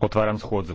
Otváram schôdzu.